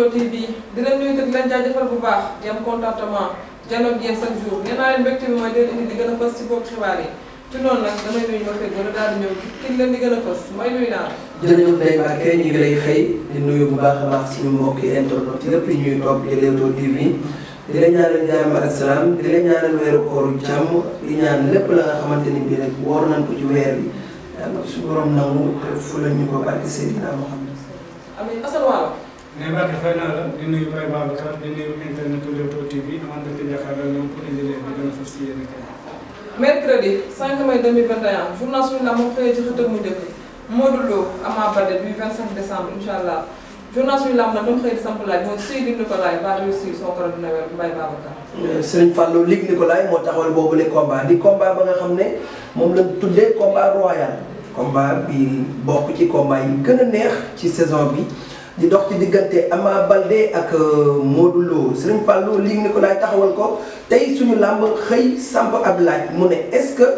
Leewtoo TV di leen nuyu te di leen jaajëfal bu baax di am contentement janoog yéen chaque jour nee naa leen mbégte bi mooy di leen indi li gën a fës ci bopp xibaar yi ci noonu nag damay nuyu ma fekk wala daal di ñëw ki leen di a fës mooy nuyu naa jërëjëf Ndeye Mbacke ñu ngi lay xëy di nuyu bu baax a baax suñu mbokki internautes yëpp yi ñuy topp di Leewtoo TV di leen ñaanal jàmm ak salaam di leen ñaanal weeru kooru jàmm di ni bii rek woor ko ci weer bi yàlla su borom nangu te fu la ñu ko barke Seydina mais Mbacke fay naa la di nuyu Baye Babacar di nuyu internet Leewtoo TV dëkk jàkkaarloo ñoom pour indi leen bi gën a fas si yéen kay mercredi mai 2021 journal suñu lamb moo xëyee ci xëtëm mu njëkk Modou Lo Ama Baldé du 25 décembre incha allah journal suñu lamb nag doon xëy di samp laaj mooy Seydou Nicolay ba réussir son korom dina weer Mbaye Babacar. Euh, Serigne boobu le combat di combat ba nga xam ne moom la tuddee combat royal combat bi bokk ci combat yi gën a neex ci saison bi. di dox ci diggante Ama Baldé ak euh, Modou Lo Serigne Fallou Luc Nicolaï taxawal ko tey suñu làmb xëy samp ab laaj mu ne est-ce que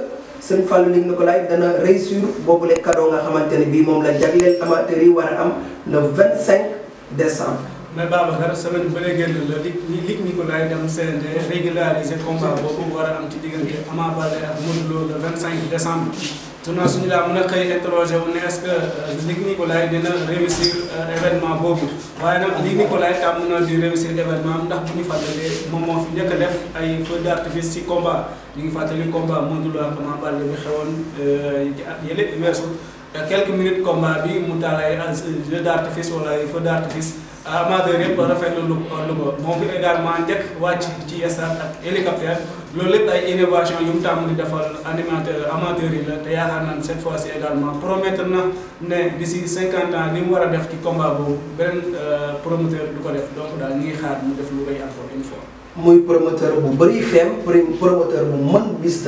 lii Fallou Luc Nicolaï dana réussir boobule cadeau nga xamante ne bii moom la jagleel amateur yi war a am le 25 décembre. mais Babacar semaine bu bële génn la lig lig ni ko lay dem CNG régulariser combat boobu war a am ci diggante Ama Baldé ak Modou Lo le 25 décembre. tournoi suñu laa mën a xëy interroger wu ne est euh, lig ni dina réussir euh, événement boobu waaye nag lig ni ko lay na di réussir événement ndax bu ñu fàttalee moom moo fi a def ay feux d'artifice ci combat ñu ngi fàttali combat Modou Lo ak Ama Baldé bi xewoon ci euh, combat bi mu taal ay jeu d'artifice amateur yëpp rafetlu lu lu ko moom fi également njëkk wàcc ci yasaar ak hélicoptère loolu lépp ay innovation yu mu tàmm di defal animateur amateur yi la te yaakaar naa cette fois ci également promettre na ne d'ici cinquante ans li mu war a def ci combat boobu beneen euh, promoteur du ko def donc daal ñu ngi xaar mu def lu koy encore une fois. muy promoteur bu bëri feem promoteur bu mën bis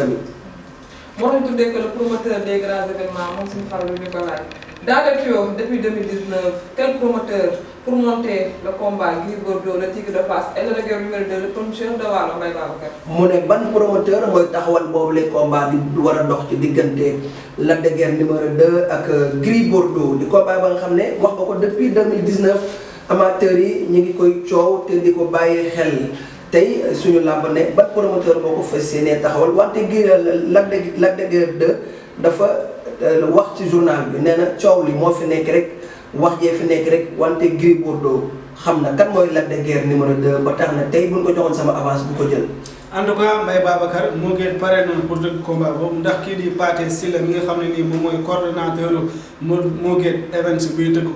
moo xam tuddee que le promoteur des grands événements moom suñu farlu ñu ko laaj dans le tuyau depuis 2019 quel promoteur pour monter le combat Gris Bordeaux le Tigre de Fass et le Lac numéro promoteur mu ne ban promoteur mooy taxawal boobu les combats di war a dox ci diggante Lac de Guiers numéro 2 ak euh, Gris Bordeaux di combat ba nga xam ne wax nga ko depuis 2019 amateurs yi ñu ngi koy coow te di ko bàyyi xel. tey suñu làmb ne ban promoteur boo ko fas yéenee taxawal wante gi Lac euh, de Lac de Guiers 2 dafa euh, wax ci journal bi nee na coow li moo fi nekk rek wax jee fi nekk rek wante Gris Bordeaux xam na kan mooy Lac de Guiers numéro de ba tax na tey buñ ko joxoon sama avance bu ko jël en tout cas Mbaye Babacar moo ngeen pare noonu pour le combat boobu ndax kii di Pathé Sylla mi nga xam ne nii mooy coordonnateur moo moo ngeen events buy tëgg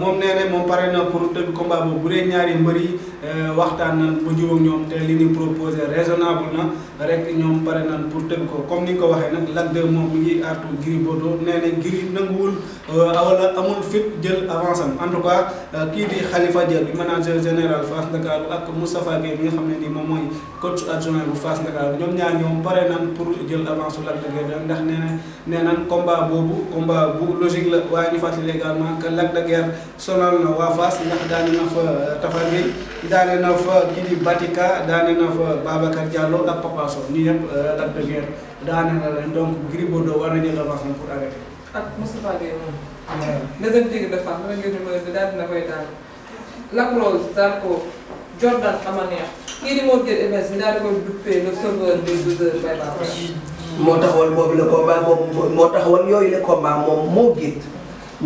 moom nee na moom pare na pour tëgg combat boobu bu ñaari mbër yi euh, waxtaan nañ ba jubóog ñoom te li ñu proposé raisonnable na rek ñoom pare nañ pour tëgg ko comme ni nga ko waxee nag Lac 2 moom mi ngi artu Gris Bordeaux nee na Gris nanguwul euh, wala amul fit en tout cas euh, kii di Khalifa Dia di manager général Fass Ndakaaru ak Moustapha Gueye mi nga xam ne nii moom mooy coach adjoint bu Fass Ndakaaru ñoom ñaar ñoom pare nan pour jël avance Lac bu logique la waaye waa fa euh, Tapha Gueye daane na fa kii di Batika daane na fa Babacar Diallo ak Papa Sow euh, donc Gris Bordeaux war na jël avance moom pour arrêter. ak ah, Moustapha Gueye ko. Jordan Amanekh kii di Modou Gueye Events ñu daal di koy duppee le sauveur des douze heures moo taxawal boobu la combat moom moo taxawal yooyu la combat moom moo gét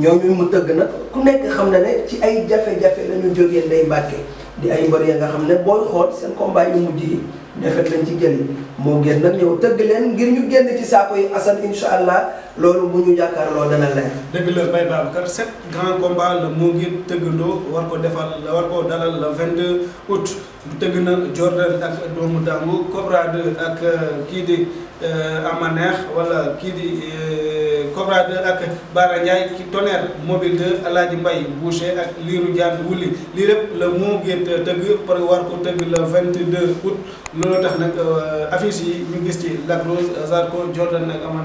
ñoo ñooñu mu tëgg nag ku nekk xam ne ne ci ay jafe-jafe la ñu jógee ndey mbàkke di ay mbër ya nga xam ne booy xool seen combat ñu mujj yi. defet lañ ci jëli moo gën nag ñëw tëgg leen ngir ñu génn ci saako yi asan insha allah loolu bu ñu jàkkaarloo dana leer. dëgg la Baye Babacar sept grand combat la moo ngeen tëggandoo war ko defal war ko dalal la vingt août bu tëgg na Jordan ak doomu Dangu Cobra 2 ak euh, kii di euh, Amaneex wala kii di. Euh, Cobra 2 ak Bara Ndiaye ci tonnerre mobile 2 Alaaji Mbay Boucher ak Liiru Jaan Wulli lii lépp la moo tëgg par war ko tëgg le 22 août loolu tax nag euh, affiche yi ñu gis ci Lac Rose Zarko Jordan nag ama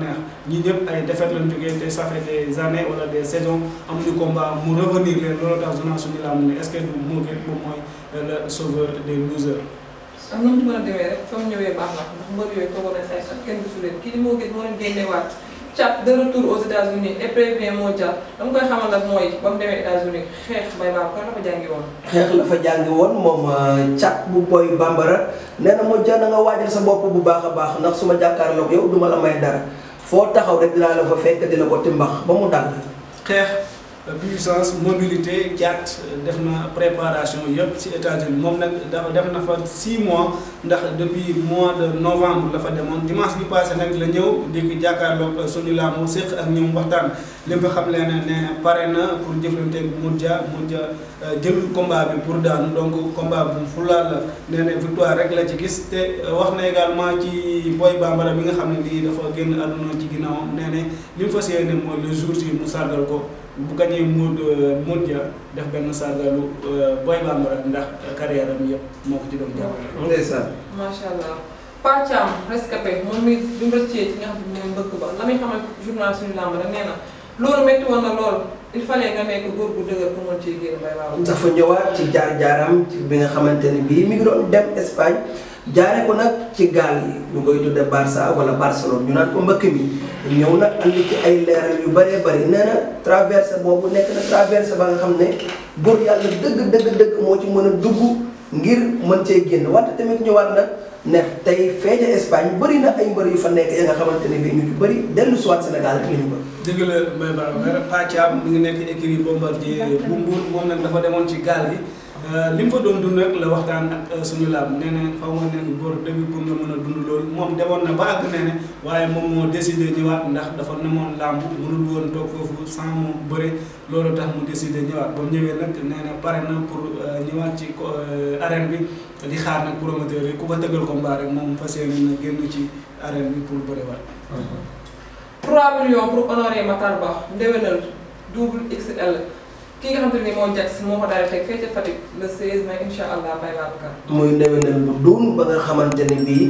ñi ñëpp ay défaite lañ jógee te ça fait des années wala des saisons amuñu combat mu revenir leen loolu tax journal suñu la am ne est-ce que du moo gént moom mooy euh, le sauveur des losers am na lu mën a demee rek fa ñëwee baax na ndax mbër yooyu toogoon Tchad de retour aux États-Unis et prévient mondial dama koy xamal nag mooy ba mu demee États-Unis xeex bay baax kon la fa jàngi woon. xeex la fa jàngi woon moom Tchad euh, bu boy bambara nee na mondial na nga waajal sa bopp bu baax a baax ndax su ma jàkkaarloog yow du ma la may dara foo taxaw rek dinaa la fa fekk dina ko timbax ba mu dal xeex. puissance mobilité jaat def na préparation yëpp ci États-Unis moom nag dafa dem na fa six mois ndax depuis mois de novembre dafa fa moom dimanche bi passé nag la ñëw dikk jàkkaarloog suñu laamu séq ak mu waxtaan lépp xam leen ne nee na pare na pour jëflanteeg Modja Modja euh, jël combat bi pour daanu donc combat bu fulaal la nee victoire rek la ci gis te euh, wax na également ci Boy Bambara bi nga xam ne lii dafa génn àdduna ci ginnaawam nee na li mu fas mooy le jour ci mu sargal ko bu gañee Mod euh, Modja def benn sargalu Boy Bambara ndax carrière am yëpp moo ko ci doon jàppale. ndeysaan. macha allah. Paa rescapé moom mi muy xamal suñu làmb rek loolu métti woon na loolu il fallait nga nekk góor gu dëgër pour mën cee génn bay dafa ñëwaat ci jaar jaaram ci bi nga xamante ne bii mi ngi doon dem Espagne jaare ko nag ci gaal yi ñu koy tudde Barça wala Barcelone ñu naan ko mbëkk mi ñëw nag andi ci ay leeral yu bëree bëri nee na traversé boobu nekk na traversé ba nga xam ne góor yàlla dëgg dëgg dëgg moo ci mën a dugg. ngir mën cee génn wante tamit ñëwaat na ne tey fee ca Espagne bëri na ay mbër yu fa nekk ya nga xamante ne bii ñu bëri dellu si waat Sénégal rek la ñu bëgg. dëgg la may Ba Pacha mi ngi nekk écurie Bombardier bu Mbour moom nag dafa demoon ci gaal gi. Euh, li mu fa doon dund rek la waxtaan ak euh, suñu laam nee na xaw ma ne góor pour nga mën a dund loolu moom demoon na ba àgg nee na waaye moom moo décidé ñëwaat ndax dafa namoon mu mënul woon toog foofu sans mu bëre loolu tax mu décidé ñëwaat ba mu ñëwee nag nee pare na pour euh, ñëwaat ci arène bi di xaar nag promoteur yi ku ko tëggal combat rek moom fas yéene na génn ci arène bi pour bëriwaat. 3 millions pour honorer Matar Ba ndéwénal ki nga xamante ne moo Jax moo ko daal di fee ca Fatick le 16 mai incha allah bay mooy muy ndewenal bu doon ba nga xamante ne bii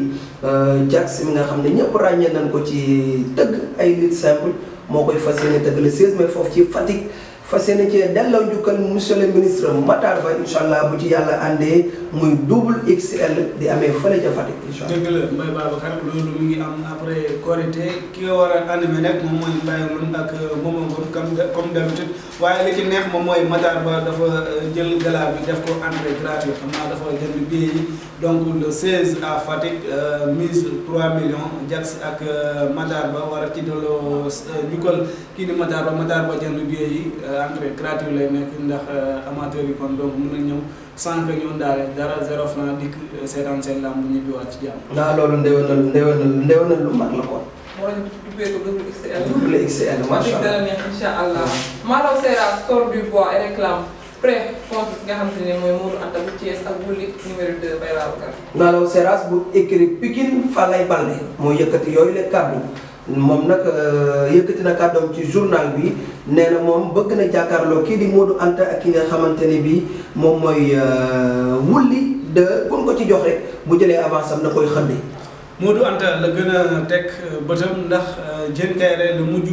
euh, Jax mi nga xam ne ñëpp ràññee nañ ko ci tëgg ay lutte simple moo koy fas yéene tëgg le 16 mai foofu ci Fatick. fas yéene cee delloo njukkal monsieur le ministre Matar Ba incha bu ci yàlla àndee muy double XL di amee fële ca Fatick incha allah. dëgg la Mbaye Babacar loolu mi ngi am après Korité ki war a animé nag moom mooy Mbaye Ngoune ak euh, Momo Ngom comme comme d'habitude waaye li ci neex moom mooy Matar Ba dafa euh, jël gala bi def ko entrée gratuite xam naa dafa jënd billet yi donc le 16 à Fatick euh, mise 3 millions Jax ak Matar Ba war a ci delloo njukkal kii di Matar Ba entrée gratuite lay nekk ndax euh, amateurs yi kon donc mën nañ ñëw sans que ñu indaale dara zéro franc dikk euh, seetaan seen làmb bu ñibbiwaat ci jàmm. loolu ndewenal ndewenal ndewenal lu mag la ko moo leen dubbee ko double XL. double XL macha allah dana neex incha allah. Malaw Seras sort du bois et réclame prêt contre ki nga xamante ne mooy Modou Anta bu Thiès ak bu Ligue numéro 2 Baye Babacar. Malaw Seras bu écrit Pikine Falaye Baldé moo yëkkati yooyu la kàddu. moom nag euh, yëkkati na kàddoom ci journal bi nee na moom bëgg na jàkkaarloo kii di Modou Anta ak ki nga xamante ni bii moom mooy euh, wulli de kun ko ci jox bu jëlee avance am na koy xëndi. Modou Anta la gën a teg euh, bëtam ndax Diène Kaïré la mujj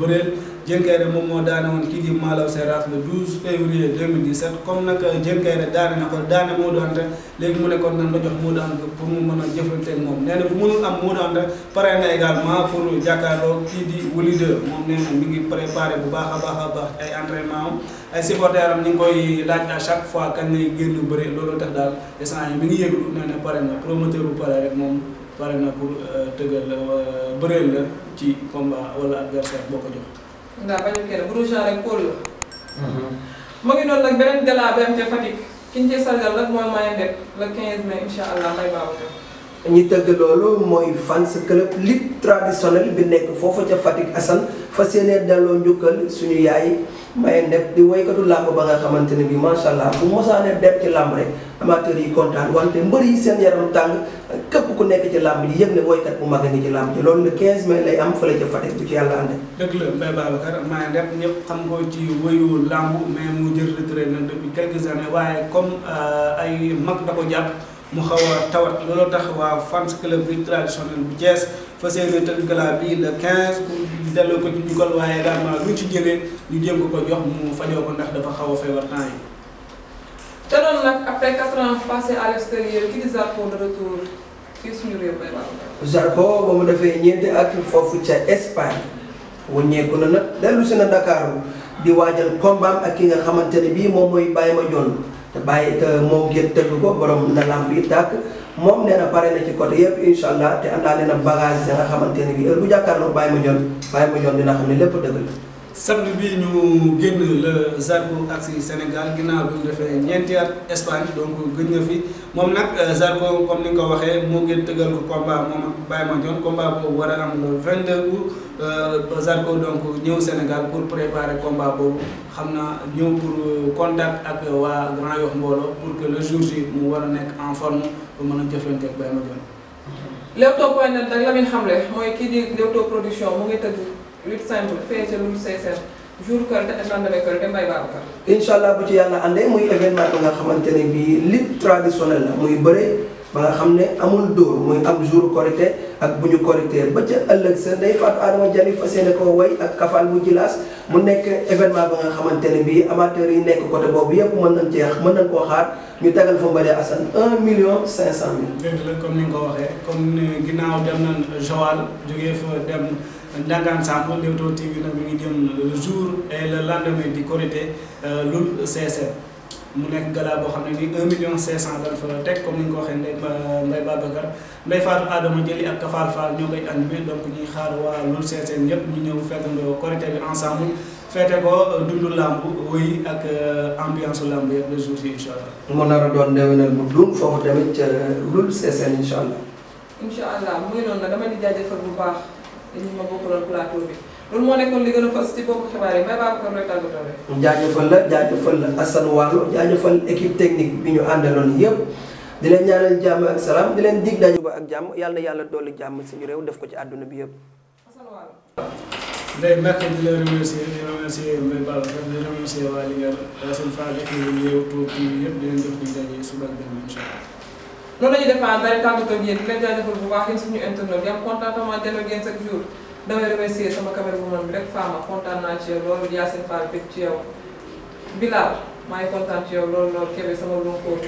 bëreel. Diène Kaïré moom moo daane woon kii di Malaw Seras le 12 février 2017 comme nag Diène Kaïré daane na ko daane Modou Anta léegi mu ne kon nan la jox Modou Anta pour mu mën a jëflanteeg moom nee na bu am Modou Anta pare na également pour jàkkaarloo kii di Wuli 2 moom nee na mi ngi préparé bu baax a baax a baax ay entraînement am ay supporters am ñu ngi koy laaj à chaque fois kañ lay génn bëri looloo tax daal instant yi ngi yëglu nee na pare na promoteur bu pare rek moom pare na pour euh, tëgal la euh, bëreel la ci combat wala adversaire boo ko ndaa bañu kenn bu dul genre rek Paul la. Mhm. mu ngi doon nag beneen gala bi am ca Fatick ki ñu cee sargal nag mooy Mayendeb le 15 mai incha allah may baabu ñi tëgg loolu mooy fans club lutte traditionnel bi nekk foofu ca Fatick Assane fas yéene delloo njukkal suñu yaay maye ndeb di woykatu làmb ba nga xamante ne bi macha allah bu mosaanee def ci làmb rek amateur yi kontaan wante mbër yi seen yaram tàng képp ku nekk ci làmb ji yëg ne woykat bu mag a ngi ci làmb ji loolu le 15 mai lay am fële ca Fatick bu ci yàlla ànde dëgg la Mbaye Babacar maye ndeb ñëpp xam ko ci woyu làmb mais mu jël retraite nag depuis waaye comme euh, ay mag da ko mu xaw a tawat looloo tax waa fans club bi traditionnel bu Thiès fas yéene tëgg gala bi le 15 pour delloo ko ci njukkal waaye également luñ ci jëlee ñu jéem ko ko jox mu fajoo ko ndax dafa xaw a feebar yi. te noonu nag après 4 ans passé à l'extérieur ki di Zarko foofu ca Espagne wëññeeku na nag si na ndakaaru di waajal kombaam ak ki nga xamante ne bii moom mooy Baye Mandione. te bàyyi te moom gën tëgg ko borom na lamb yi tàkk moom nee na pare na ci côté yëpp incha allah te àndaale na bagage yi nga xamante ne bii heure bu jàkkaarloo bàyyi ma ñoon bàyyi ma ñoon dina xam ne lépp dëgg la. samedi bi ñu génn la Zarco ak si Sénégal ginnaaw bi mu defee ñeenti at Espagne donc gëj na fi. moom nag euh, Zarko comme ni nga ko waxee moo ngeen tëgal ko combat moom ak Baye Mandione combat boobu war a am le 22 août euh, Zarko donc ñëw Sénégal pour préparer combat boobu xam naa ñëw pour euh, contact ak waa Grand Yoff mbooloo pour que le jour J mu war a nekk en forme ba mën a jëflante ak Baye Mandione. Leewtoo point net nag la muy xamle mooy kii di Leewtoo production mu ngi tëgg lutte fee ca lutte jour Korité ak lendemain Korité Mbaye Babacar. incha allah bu ci yàlla àndee muy événement bi nga xamante ne bii lutte traditionnelle la muy bëre ba nga xam ne amul dóor muy am jour Korité ak bu ñu Korité ba ca ëllëg sa day faatu Adama Jali fas yéene ko way ak kafal bu jilaas mu nekk événement ba nga xamante ne bii amateurs yi nekk côté boobu yëpp mën nañ cee mën nañ koo xaar ñu tegal fa mbalee Assane un million cinq cent mille. dëgg la comme ni nga ko waxee comme ginnaaw dem nañ Joal jógee fa dem. ndangaan samp Leewtoo TV nag mi ngi jëm le jour et le lendemain di Korité euh, lul CSM mu nekk gala boo xam ne ni 1 million 500 dañ fa teg comme ni nga ko waxee Ndeye Mbaye Babacar Ndeye Fatou Adama Jëli ak Kafaal Fall ñoo koy animé donc ñuy xaar waa lul CSM ñëpp ñu ñëw fekkandoo Korité bi ensemble feete ko euh, dundu làmb woy ak euh, ambiance làmb yëpp le jour yi incha allah. mu nar a doon déwénal bu dul foofu tamit ca lul CSM incha allah. incha allah muy noonu dañu ma bokkaloon plateau bi loolu moo a fas ci bokk xibaar yi may la jaajëfal la Assane Wallo technique bi ñu àndaloon yëpp di leen ñaanal jàmm ak salaam di leen dig dañu ba ak jàmm yàlla yàlla dolli jàmm suñu réew def ko ci àdduna bi yëpp. Assane Wallo. Ndeye Mbacke di la remercier di remercier Mbaye suba ak jàmm loolu la ñu defaan dara tàggatoo ak yéen di leen jaajëfal bu baax yéen suñu internet di am contentement jënd ak yéen chaque jour damay remercier bi rek Fama kontaan naa ci yow loolu Yacine Fall bég ci yow maa ngi kontaan ci yow loolu loolu Kébé sama lonkoo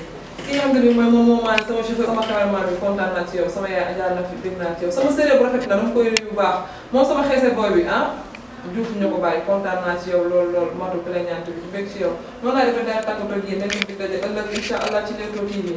ki nga xam ne mooy moom moo kontaan naa ci na fi dégg naa ci yow sama séeréer bu rafet na dama koy nuyu bu baax moom sama xeese booy bi ah Diouf ñu ko bàyyi kontaan naa ci lool loolu loolu matu plaignante bi bu bég ci yow noonu laa defee daal tàggatoo